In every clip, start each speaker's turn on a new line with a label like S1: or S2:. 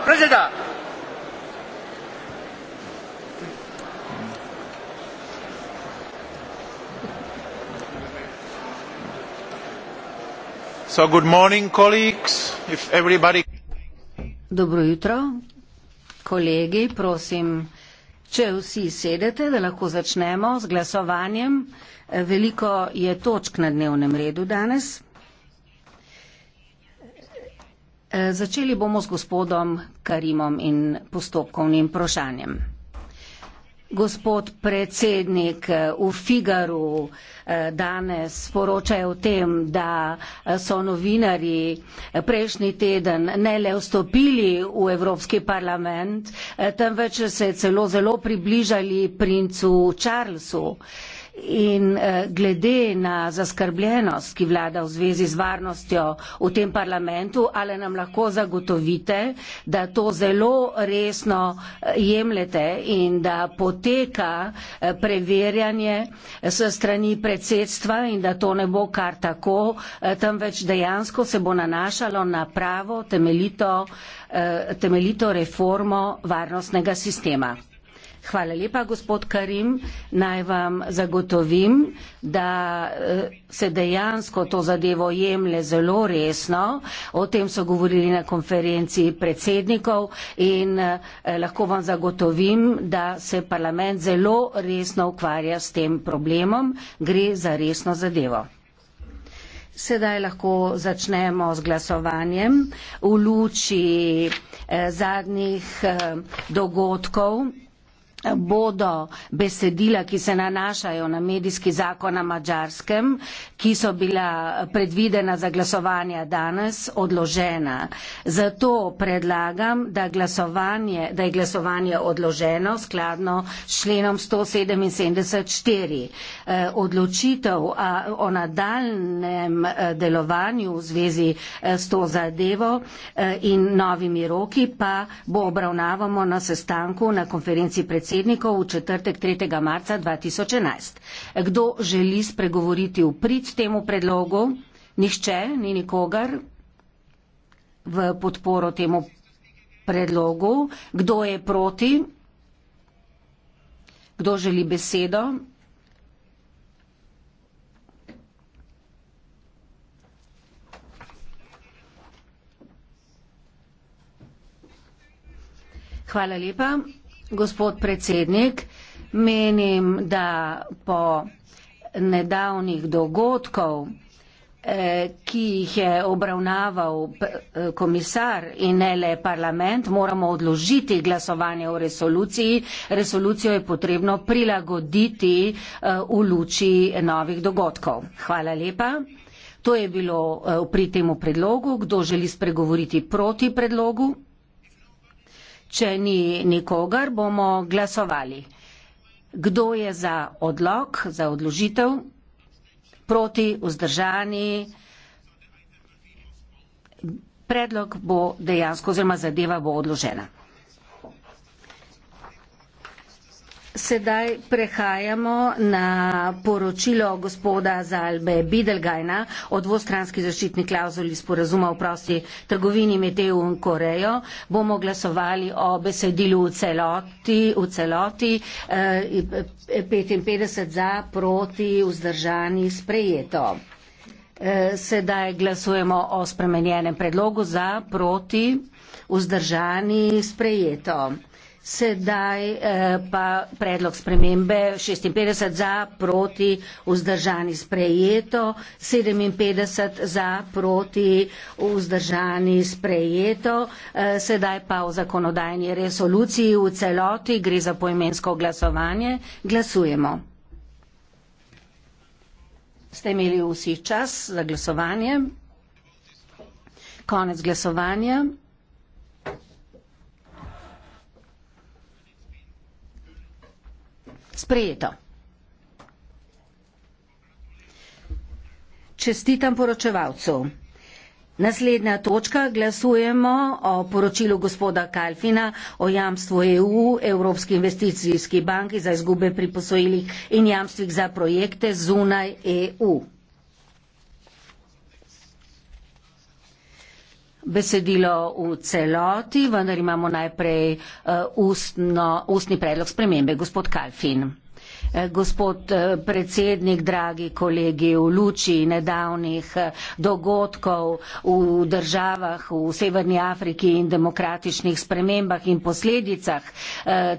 S1: Preseda.
S2: So good morning, colleagues. If everybody...
S1: Dobro jutro, kolegi. Prosim, če vsi sedete, da lahko začnemo z glasovanjem. Veliko je točk na dnevnem redu danes. Eh, začeli bomo z gospodom Karimom in postopkovnim vprašanjem. Gospod predsednik, eh, v Figaru eh, danes poročajo o tem, da so novinari prejšnji teden ne le vstopili v Evropski parlament, temveč se celo zelo približali princu Charlesu. In eh, glede na zaskrbljenost, ki vlada v zvezi z varnostjo v tem parlamentu, ali nam lahko zagotovite, da to zelo resno eh, jemljete in da poteka eh, preverjanje s strani predsedstva in da to ne bo kar tako, temveč dejansko se bo nanašalo na pravo temeljito, temeljito reformo varnostnega sistema. Hvala lepa, gospod Karim. Naj vam zagotovim, da eh, se dejansko to zadevo jemlje zelo resno. O tem so govorili na konferenci predsednikov in eh, lahko vam zagotovim, da se parlament zelo resno ukvarja s tem problemom. Gre za resno zadevo. Sedaj lahko začnemo z glasovanjem v luči eh, zadnjih eh, dogodkov bodo besedila, ki se nanašajo na medijski zakon na Mačarskem, ki so bila predvidena za glasovanje danes, odložena. Zato predlagam, da, da je glasovanje odloženo skladno s členom 177.4. Eh, odločitev o nadaljem eh, delovanju v zvezi eh, s to zadevo in novimi roki pa bo obravnavamo na sestanku na konferenci predsednika predsednikov v četrtek 3. marca 2011. Kdo želi spregovoriti v prid temu predlogu? Nihče, ni nikogar v podporo temu predlogu. Kdo je proti? Kdo želi besedo? Hvala lepa. Gospod predsednik, menim, da po nedavnih dogodkov, eh, ki jih je obravnaval eh, komisar in ne le parlament, moramo odložiti glasovanje o resoluciji. Resolucijo je potrebno prilagoditi eh, v luči novih dogodkov. Hvala lepa. To je bilo pri tem predlogu. Kdo želi spregovoriti proti predlogu? Če ni nikogar, bomo glasovali. Kdo je za odlog, za odložitev, proti, vzdržani? Predlog bo dejansko, oziroma zadeva bo odložena. Sedaj prehajamo na poročilo gospoda Zalbe Bidelgajna o dvostranski zaščitni klauzuli sporazuma o prosti trgovini med EU in Korejo. Bomo glasovali o besedilu v celoti, v celoti eh, 55 za, proti, vzdržani, sprejeto. Eh, sedaj glasujemo o spremenjenem predlogu za, proti, vzdržani, sprejeto. Sedaj eh, pa predlog spremembe 56 za, proti, vzdržani sprejeto, 57 za, proti, vzdržani sprejeto. Eh, sedaj pa v zakonodajni resoluciji v celoti gre za poimensko glasovanje. Glasujemo. Ste imeli vsi čas za glasovanje? Konec glasovanja. sprejeto. Čestitam poročevalcu. Naslednja točka, glasujemo o poročilu gospoda Kalfina o jamstvu EU, Evropski investicijski banki za izgube pri posojilih in jamstvih za projekte zunaj EU. besedilo v celoti, vendar imamo najprej eh, ustno, ustni predlog spremembe. Gospod Kalfin. Eh, gospod eh, predsednik, dragi kolegi, v luči nedavnih dogodkov v državah v Severni Afriki in demokratičnih spremembah in posledicah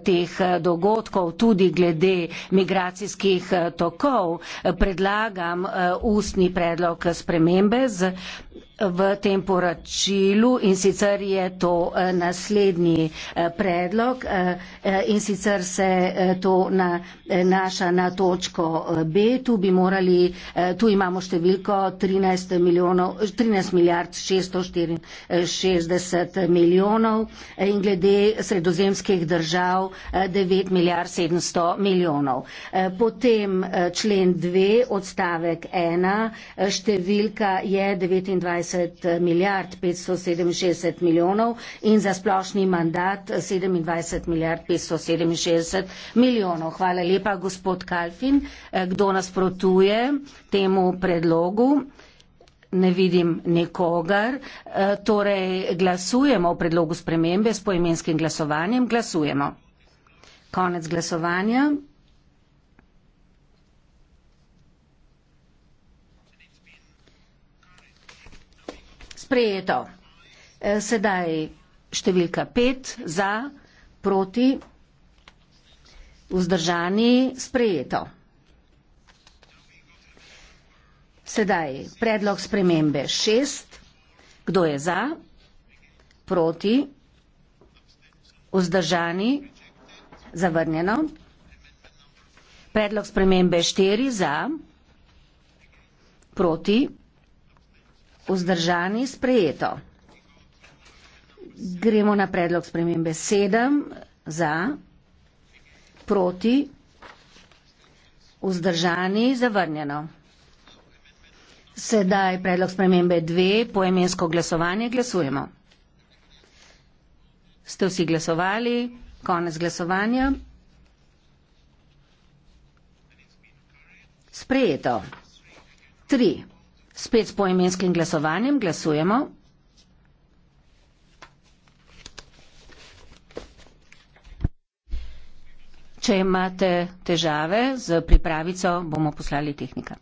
S1: teh dogodkov, tudi glede migracijskih tokov, predlagam ustni predlog spremembe z v tem poročilu in sicer je to eh, naslednji eh, predlog eh, in sicer se to nanaša na točko B. Tu bi morali, tu imamo številko 13, milijonov, 13 milijard 664 milijonov in glede sredozemskih držav 9 milijard 700 milijonov. Potem člen 2 odstavek 1, številka je 29 27 milijard 567 milijonov in za splošni mandat 27 milijard 567 milijonov. Hvala lepa, gospod Kalfin. Eh, kdo nasprotuje temu predlogu? Ne vidim nikogar. Eh, torej, glasujemo o predlogu spremembe s poimenskim glasovanjem. Glasujemo. Konec glasovanja. sprejeto. E, sedaj številka pet za, proti, vzdržani, sprejeto. Sedaj predlog spremembe šest. Kdo je za, proti, vzdržani, zavrnjeno. Predlog spremembe štiri za, proti, vzdržani. Vzdržani sprejeto. Gremo na predlog spremembe sedem za, proti, vzdržani zavrnjeno. Sedaj predlog spremembe dve, poemensko glasovanje, glasujemo. Ste vsi glasovali, konec glasovanja. Sprejeto. Tri. Spet s poimenskim glasovanjem glasujemo. Če imate težave z pripravico, bomo poslali tehnika.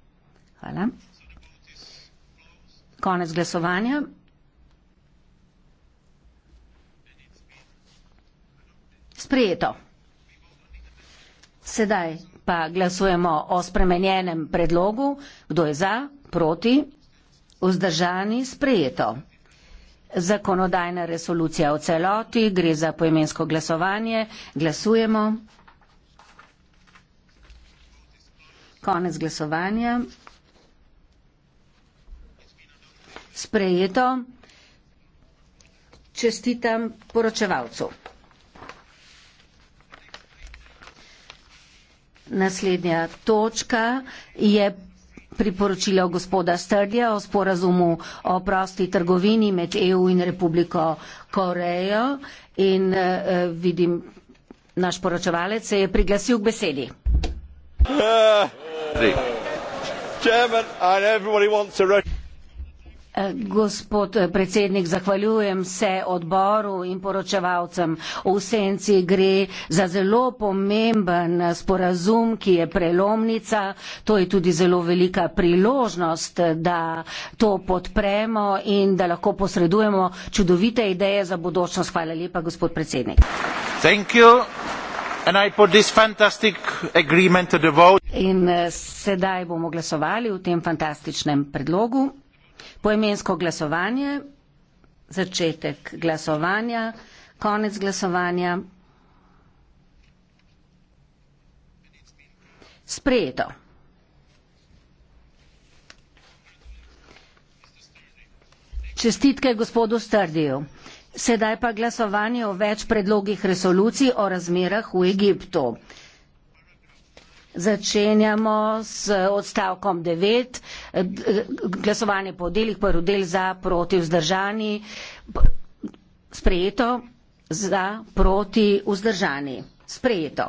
S1: Hvala. Konec glasovanja. Sprijeto. Sedaj pa glasujemo o spremenjenem predlogu. Kdo je za? Kdo je za? proti, vzdržani sprejeto. Zakonodajna resolucija v celoti, gre za poimensko glasovanje, glasujemo. Konec glasovanja. Sprejeto. Čestitam poročevalcu. Naslednja točka je priporočilo gospoda Strdja o sporazumu o prosti trgovini med EU in Republiko Korejo in uh, vidim, naš poročevalec se je priglasil k besedi.
S2: Uh, eh, German and everybody wants to...
S1: Eh, gospod eh, predsednik, zahvaljujem se odboru in poročevalcem. V senci gre za zelo pomemben eh, sporazum, ki je prelomnica. To je tudi zelo velika priložnost, da to podpremo in da lahko posredujemo čudovite ideje za bodočnost. Hvala lepa, gospod predsednik. In sedaj bomo glasovali v tem fantastičnem predlogu. Poemensko glasovanje, začetek glasovanja, konec glasovanja. Sprejeto. Čestitke gospodu Strdiju. Sedaj pa glasovanje o več predlogih resolucij o razmerah v Egiptu. Začenjamo s odstavkom 9, glasovanje po delih, prvi del za, proti, vzdržani, sprejeto, za, proti, vzdržani, sprejeto.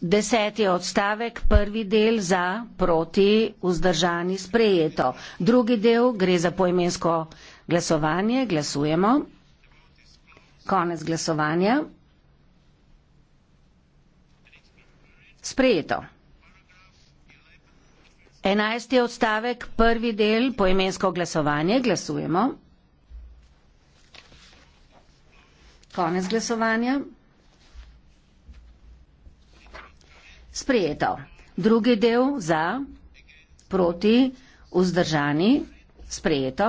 S1: Deseti odstavek, prvi del za, proti, vzdržani, sprejeto. Drugi del gre za poimensko glasovanje, glasujemo. Konec glasovanja. Sprejeto. Enajsti odstavek, prvi del, poimensko glasovanje, glasujemo. Konec glasovanja. Sprejeto. Drugi del za, proti, vzdržani, sprejeto.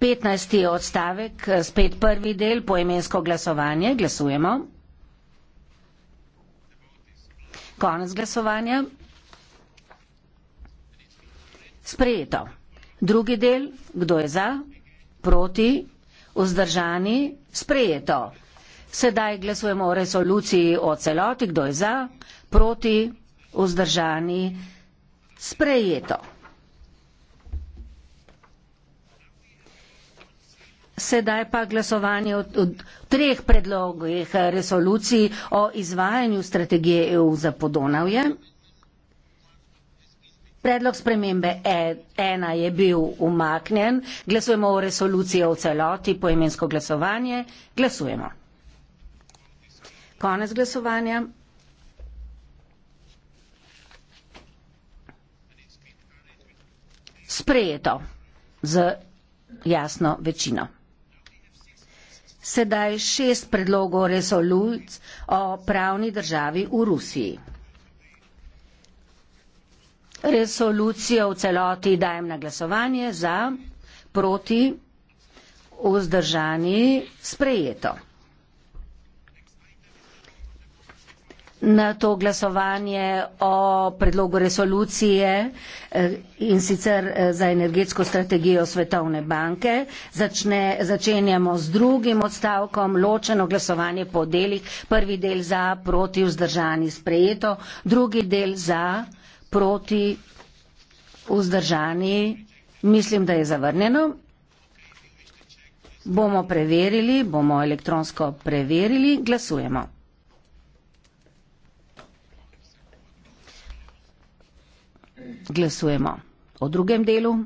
S1: 15. odstavek, spet prvi del, poimensko glasovanje, glasujemo. Konec glasovanja. Sprejeto. Drugi del, kdo je za, proti, vzdržani, sprejeto. Sedaj glasujemo o resoluciji o celoti, kdo je za, proti, vzdržani, sprejeto. sedaj pa glasovanje o, o treh predlogih resolucij o izvajanju strategije EU za podonavje. Predlog spremembe e, ena je bil umaknjen. Glasujemo o resoluciji o celoti, poimensko glasovanje. Glasujemo. Konec glasovanja. Sprejeto z jasno večino sedaj šest predlogov resoluc o pravni državi v Rusiji. Resolucijo v celoti dajem na glasovanje za, proti, vzdržani, sprejeto. na to glasovanje o predlogu resolucije eh, in sicer eh, za energetsko strategijo Svetovne banke. Začne, začenjamo z drugim odstavkom, ločeno glasovanje po delih. Prvi del za, proti, vzdržani, sprejeto. Drugi del za, proti, vzdržani, mislim, da je zavrnjeno. Bomo preverili, bomo elektronsko preverili, glasujemo. glasujemo. O drugem delu,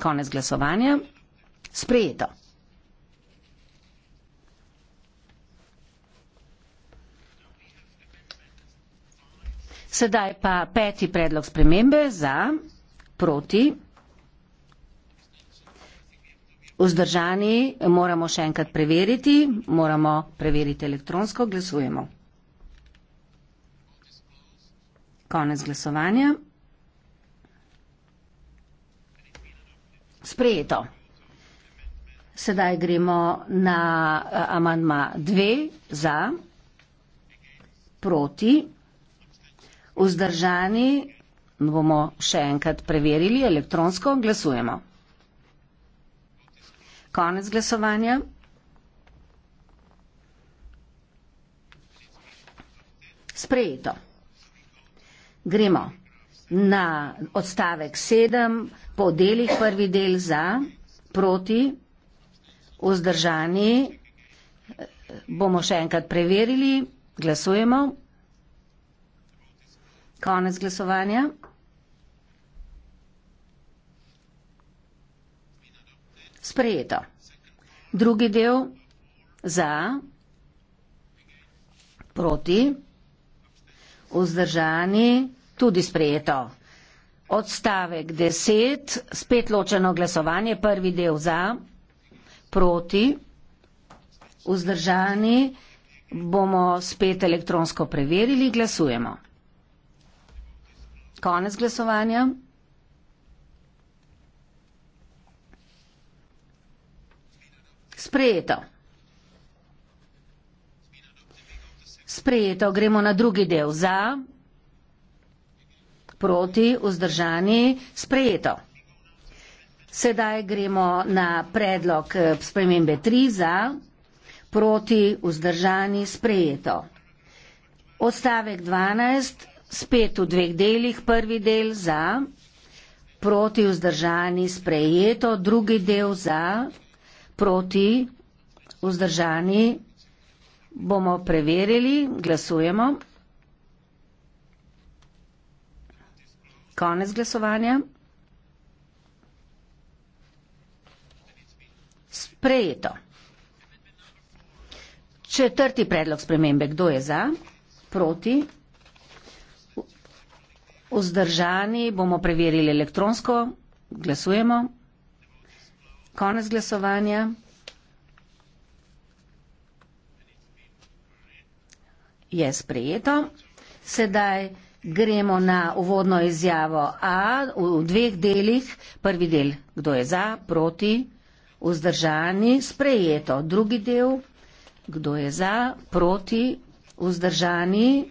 S1: konec glasovanja, sprejeto. Sedaj pa peti predlog spremembe za, proti, vzdržani, moramo še enkrat preveriti, moramo preveriti elektronsko, glasujemo. Konec glasovanja. Sprejeto. Sedaj gremo na eh, amandma 2 za, proti, vzdržani, bomo še enkrat preverili, elektronsko glasujemo. Konec glasovanja. Sprejeto. Gremo na odstavek sedem po delih prvi del za, proti, vzdržani, bomo še enkrat preverili, glasujemo, konec glasovanja. Sprejeto. Drugi del za, proti, vzdržani, vzdržani, tudi sprejeto. Odstavek 10, spet ločeno glasovanje, prvi del za, proti, vzdržani, bomo spet elektronsko preverili, glasujemo. Konec glasovanja. Sprejeto. Sprejeto, gremo na drugi del za, proti, vzdržani, sprejeto. Sedaj gremo na predlog eh, spremembe 3 za, proti, vzdržani, sprejeto. Odstavek 12, spet v dveh delih, prvi del za, proti, vzdržani, sprejeto, drugi del za, proti, vzdržani, bomo preverili, glasujemo. konec glasovanja. Sprejeto. Četrti predlog spremembe. Kdo je za? Proti? Vzdržani bomo preverili elektronsko. Glasujemo. Konec glasovanja. Je sprejeto. Sedaj. Gremo na uvodno izjavo A v, v dveh delih. Prvi del, kdo je za, proti, vzdržani, sprejeto. Drugi del, kdo je za, proti, vzdržani,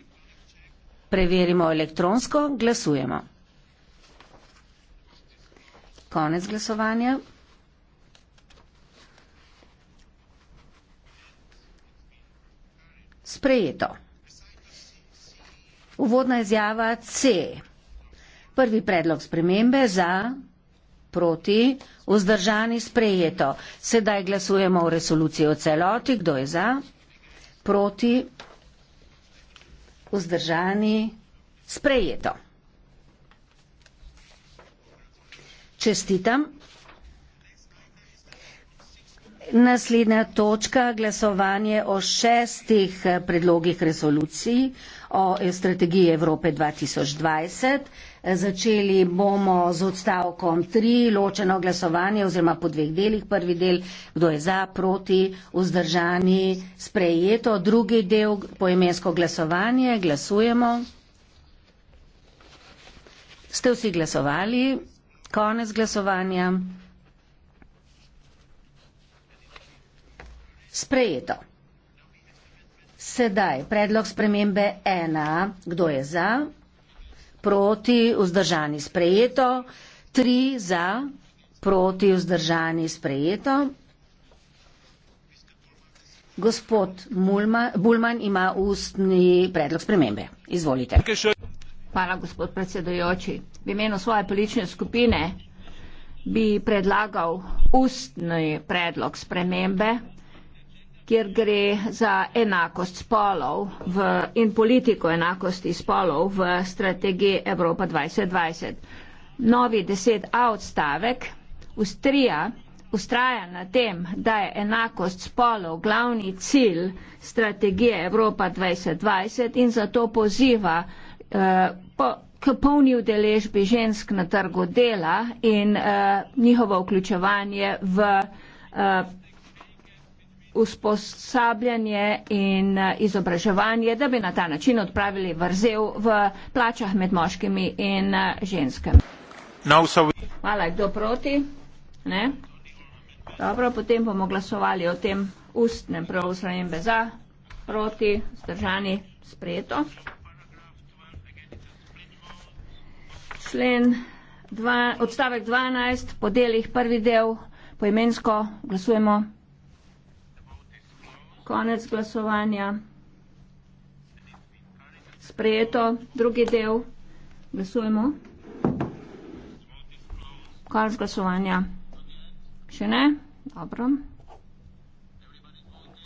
S1: preverimo elektronsko, glasujemo. Konec glasovanja. Sprejeto. Uvodna izjava C. Prvi predlog spremembe za, proti, vzdržani sprejeto. Sedaj glasujemo o resoluciji o celoti. Kdo je za, proti, vzdržani sprejeto. Čestitam. Naslednja točka glasovanje o šestih eh, predlogih resolucij o eh, strategiji Evrope 2020. Eh, začeli bomo z odstavkom tri, ločeno glasovanje oziroma po dveh delih. Prvi del, kdo je za, proti, vzdržani, sprejeto. Drugi del, poimensko glasovanje, glasujemo. Ste vsi glasovali? Konec glasovanja. sprejeto. Sedaj predlog spremembe ena. Kdo je za? Proti, vzdržani, sprejeto. Tri za, proti, vzdržani, sprejeto. Gospod Bulman ima ustni predlog spremembe.
S2: Izvolite. Hvala, gospod predsedojoči. V imenu svoje politične skupine bi predlagal ustni predlog spremembe kjer gre za enakost spolov v, in politiko enakosti spolov v strategiji Evropa 2020. Novi 10a odstavek Ustrija ustraja na tem, da je enakost spolov glavni cilj strategije Evropa 2020 in zato poziva uh, po, k polni udeležbi žensk na trgu dela in uh, njihovo vključevanje v. Uh, usposabljanje in eh, izobraževanje, da bi na ta način odpravili vrzel v plačah med moškimi in eh, ženskami. No, so... Hvala, kdo proti? Ne? Dobro, potem bomo glasovali o tem ustnem pravosrednjem beza, proti, zdržani, sprejeto. Člen dva, odstavek 12, podelih prvi del, poimensko glasujemo. Konec glasovanja. Sprejeto. Drugi del. Glasujemo. Konec glasovanja. Še ne? Dobro.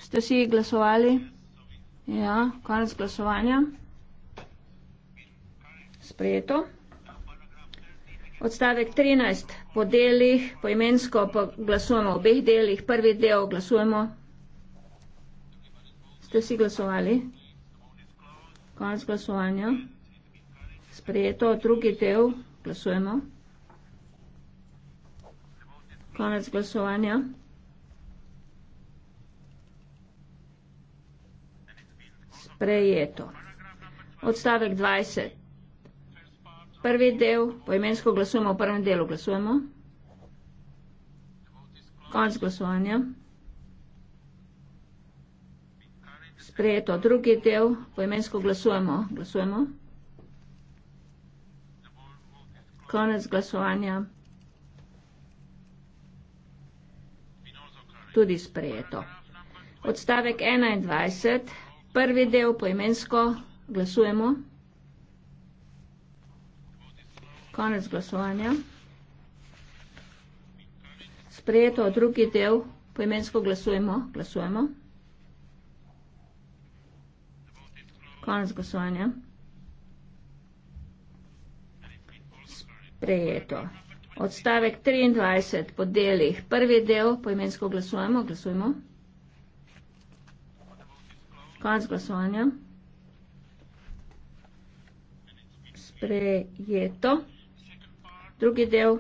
S2: Ste si glasovali? Ja, konec glasovanja. Sprejeto. Odstavek 13. Po delih, poimensko glasujemo v obeh delih. Prvi del glasujemo. Ste si glasovali? Konc glasovanja. Sprejeto. Drugi del. Glasujemo. Konec glasovanja. Sprejeto. Odstavek 20. Prvi del. Poimensko glasujemo. V prvem delu glasujemo. Konc glasovanja. sprejeto. Drugi del, poimensko glasujemo. Glasujemo. Konec glasovanja. Tudi sprejeto. Odstavek 21. Prvi del, poimensko glasujemo. Konec glasovanja. Sprejeto. Drugi del, poimensko glasujemo. Glasujemo. glasujemo. Konec glasovanja. Sprejeto. Odstavek 23 po delih. Prvi del poimensko glasujemo. Glasujemo. Konec glasovanja. Sprejeto. Drugi del.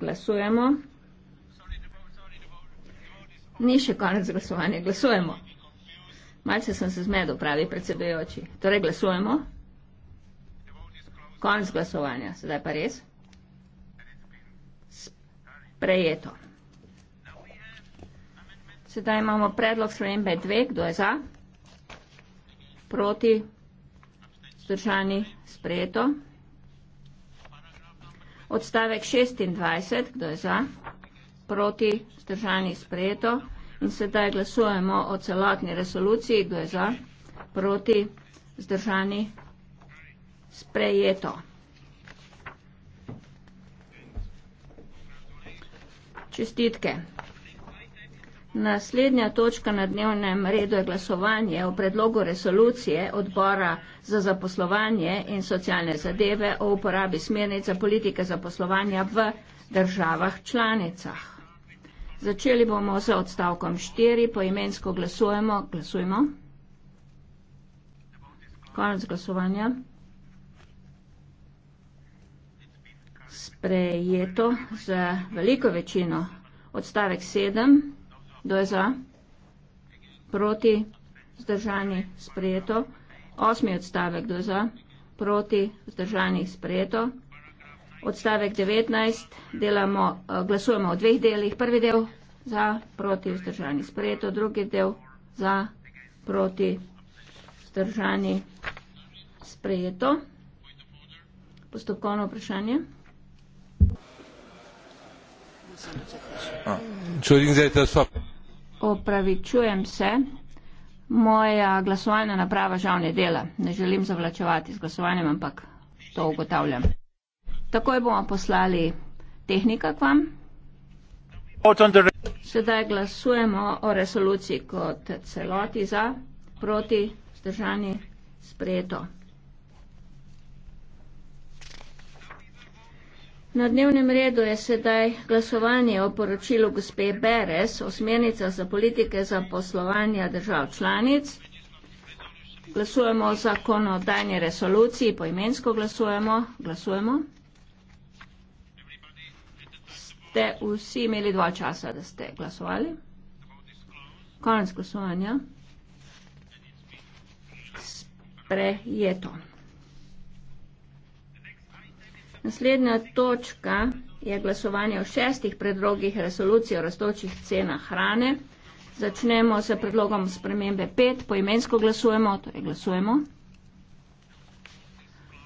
S2: Glasujemo. Ni še konec glasovanja. Glasujemo. Malce sem se zmedel, pravi predsedujoči. Torej, glasujemo. Konc glasovanja, sedaj pa res. Sprejeto. Sedaj imamo predlog spremembe dve, kdo je za? Proti? Zdržani? Sprejeto. Odstavek 26, kdo je za? Proti? Zdržani? Sprejeto. In sedaj glasujemo o celotni resoluciji, kdo je za, proti, zdržani, sprejeto. Čestitke. Naslednja točka na dnevnem redu je glasovanje o predlogu resolucije odbora za zaposlovanje in socialne zadeve o uporabi smernice politike zaposlovanja v državah članicah. Začeli bomo z odstavkom 4, poimensko glasujemo. Glasujmo. Konec glasovanja. Sprejeto z veliko večino. Odstavek 7. Kdo je za? Proti. Zdržani. Sprejeto. Osmi odstavek. Kdo je za? Proti. Zdržani. Sprejeto odstavek 19, delamo, eh, glasujemo o dveh delih. Prvi del za, proti, vzdržani, sprejeto. Drugi del za, proti, vzdržani, sprejeto. Postopkovno vprašanje. Opravičujem se. Moja glasovalna naprava žal ne dela. Ne želim zavlačevati z glasovanjem, ampak to ugotavljam. Takoj bomo poslali tehnika k vam. Sedaj glasujemo o resoluciji kot celoti za, proti, zdržani, sprejeto. Na dnevnem redu je sedaj glasovanje o poročilu gospe Beres o smernicah za politike za poslovanje držav članic. Glasujemo o zakonodajni resoluciji, poimensko glasujemo. glasujemo ste vsi imeli dva časa, da ste glasovali. Konec glasovanja. Sprejeto. Naslednja točka je glasovanje o šestih predlogih resolucij o raztočih cenah hrane. Začnemo s predlogom spremembe 5. Poimensko glasujemo. Torej glasujemo.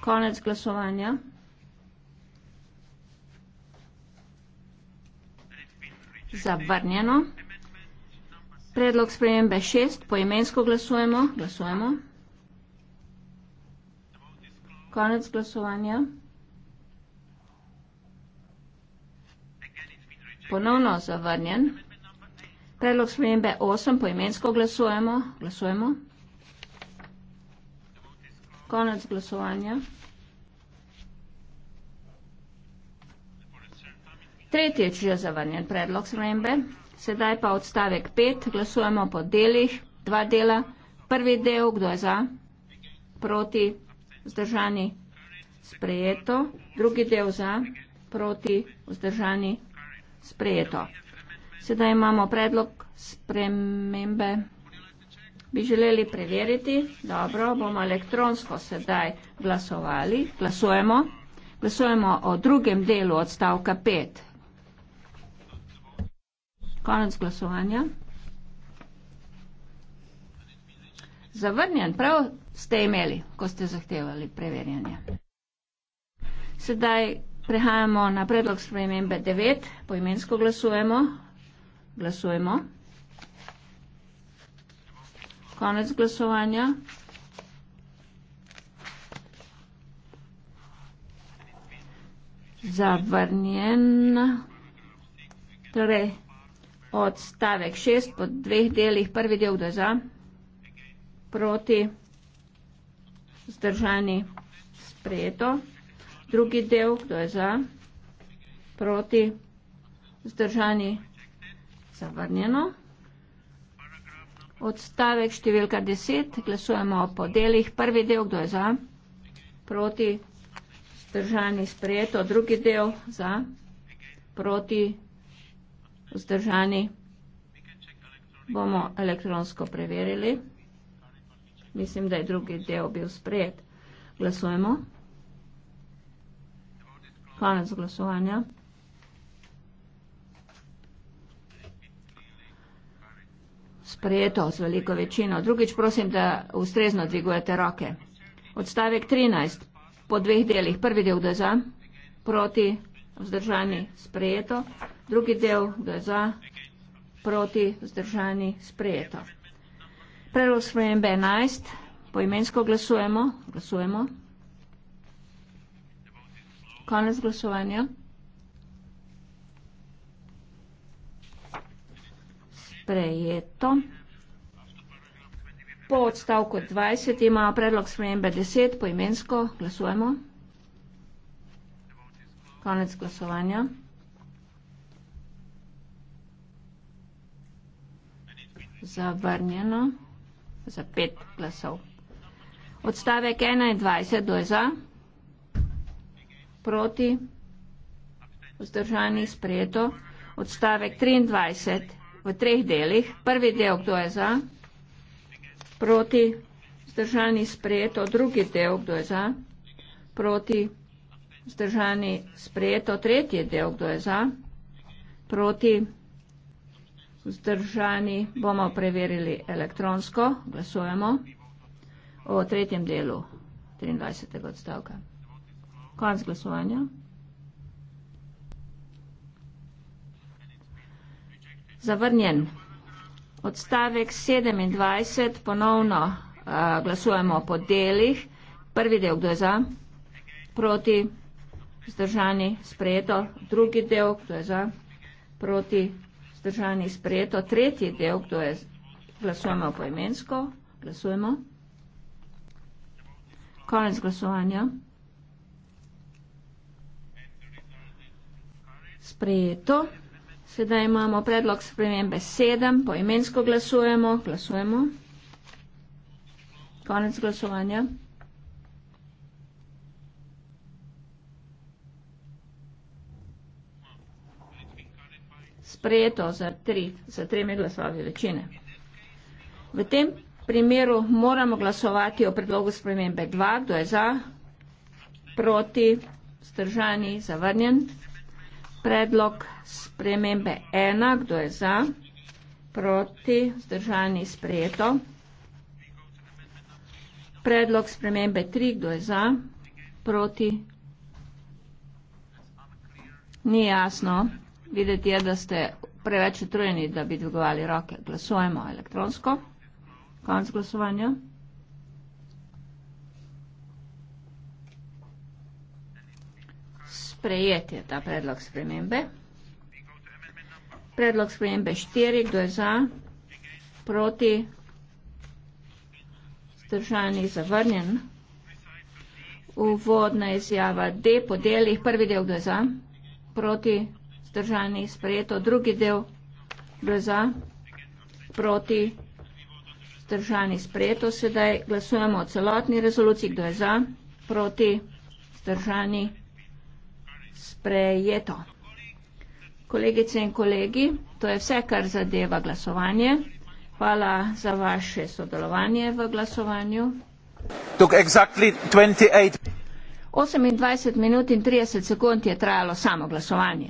S2: Konec glasovanja. Zavrnjeno. Predlog spremembe šest, poimensko glasujemo, glasujemo. Konec glasovanja. Ponovno zavrnjen. Predlog spremembe osem, poimensko glasujemo, glasujemo. Konec glasovanja. Tretjič že zavrnjen predlog spremembe, sedaj pa odstavek pet, glasujemo po delih, dva dela. Prvi del, kdo je za, proti, vzdržani, sprejeto. Drugi del za, proti, vzdržani, sprejeto. Sedaj imamo predlog spremembe. Bi želeli preveriti? Dobro, bomo elektronsko sedaj glasovali. Glasujemo. Glasujemo o drugem delu odstavka 5. Konec glasovanja. Zavrnjen, prav ste imeli, ko ste zahtevali preverjanje. Sedaj prehajamo na predlog spremembe 9, poimensko glasujemo. Glasujemo. Konec glasovanja. Zavrnjen. Torej, odstavek šest po dveh delih, prvi del kdo je za, proti, vzdržani, sprejeto, drugi del kdo je za, proti, vzdržani, zavrnjeno. Odstavek številka deset, glasujemo po delih, prvi del kdo je za, proti, vzdržani, sprejeto, drugi del za, proti, vzdržani, sprejeto vzdržani. Bomo elektronsko preverili. Mislim, da je drugi del bil sprejet. Glasujemo. Konec glasovanja. Sprejeto z veliko večino. Drugič prosim, da ustrezno dvigujete roke. Odstavek 13. Po dveh delih. Prvi del da za, proti vzdržani, sprejeto. Drugi del je za, proti, vzdržani, sprejeto. Predlog spremembe enajst, poimensko glasujemo, glasujemo. Konec glasovanja. Sprejeto. Po odstavku dvajset imamo predlog spremembe deset, poimensko glasujemo. Konec glasovanja. Zavrnjeno za pet glasov. Odstavek 21, kdo je za? Proti? Vzdržani, sprejeto. Odstavek 23 v treh delih. Prvi del, kdo je za? Proti? Vzdržani, sprejeto. Drugi del, kdo je za? Proti? Zdržani sprejeto tretji del, kdo je za, proti, vzdržani bomo preverili elektronsko, glasujemo o tretjem delu 23. odstavka. Konc glasovanja. Zavrnjen. Odstavek 27, ponovno uh, glasujemo po delih. Prvi del, kdo je za, proti, vzdržani vzdržani, sprejeto, drugi del, kdo je za, proti, vzdržani, sprejeto, tretji del, kdo je, glasujemo poimensko, glasujemo. Konec glasovanja. Sprejeto. Sedaj imamo predlog spremembe 7, poimensko glasujemo, glasujemo. Konec glasovanja. sprejeto za tri, za tremi glasovi večine. V tem primeru moramo glasovati o predlogu spremembe 2, kdo je za, proti, stržani, zavrnjen. Predlog spremembe 1, kdo je za, proti, stržani, sprejeto. Predlog spremembe 3, kdo je za, proti, ni jasno. Videti je, da ste preveč utrujeni, da bi dvigovali roke. Glasujemo elektronsko. Konc glasovanja. Sprejet je ta predlog spremembe. Predlog spremembe štiri, kdo je za? Proti? Zdržani, zavrnjen. Uvodna izjava D po delih, prvi del, kdo je za? Proti? vzdržani, sprejeto. Drugi del bil za, proti, vzdržani, sprejeto. Sedaj glasujemo o celotni rezoluciji, kdo je za, proti, vzdržani, sprejeto. Kolegice in kolegi, to je vse, kar zadeva glasovanje. Hvala za vaše sodelovanje v glasovanju. 28 minut in 30 sekund je trajalo samo glasovanje.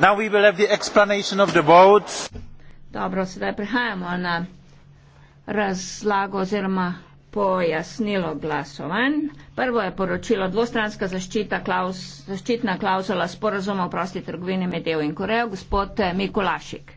S2: Now we will have the explanation of the vote. Dobro, sedaj prihajamo na razlago oziroma pojasnilo glasovanj. Prvo je poročilo dvostranska zaščita, klaus, zaščitna klauzula sporazuma o prosti trgovini med EU in Korejo, gospod eh, Mikulašik.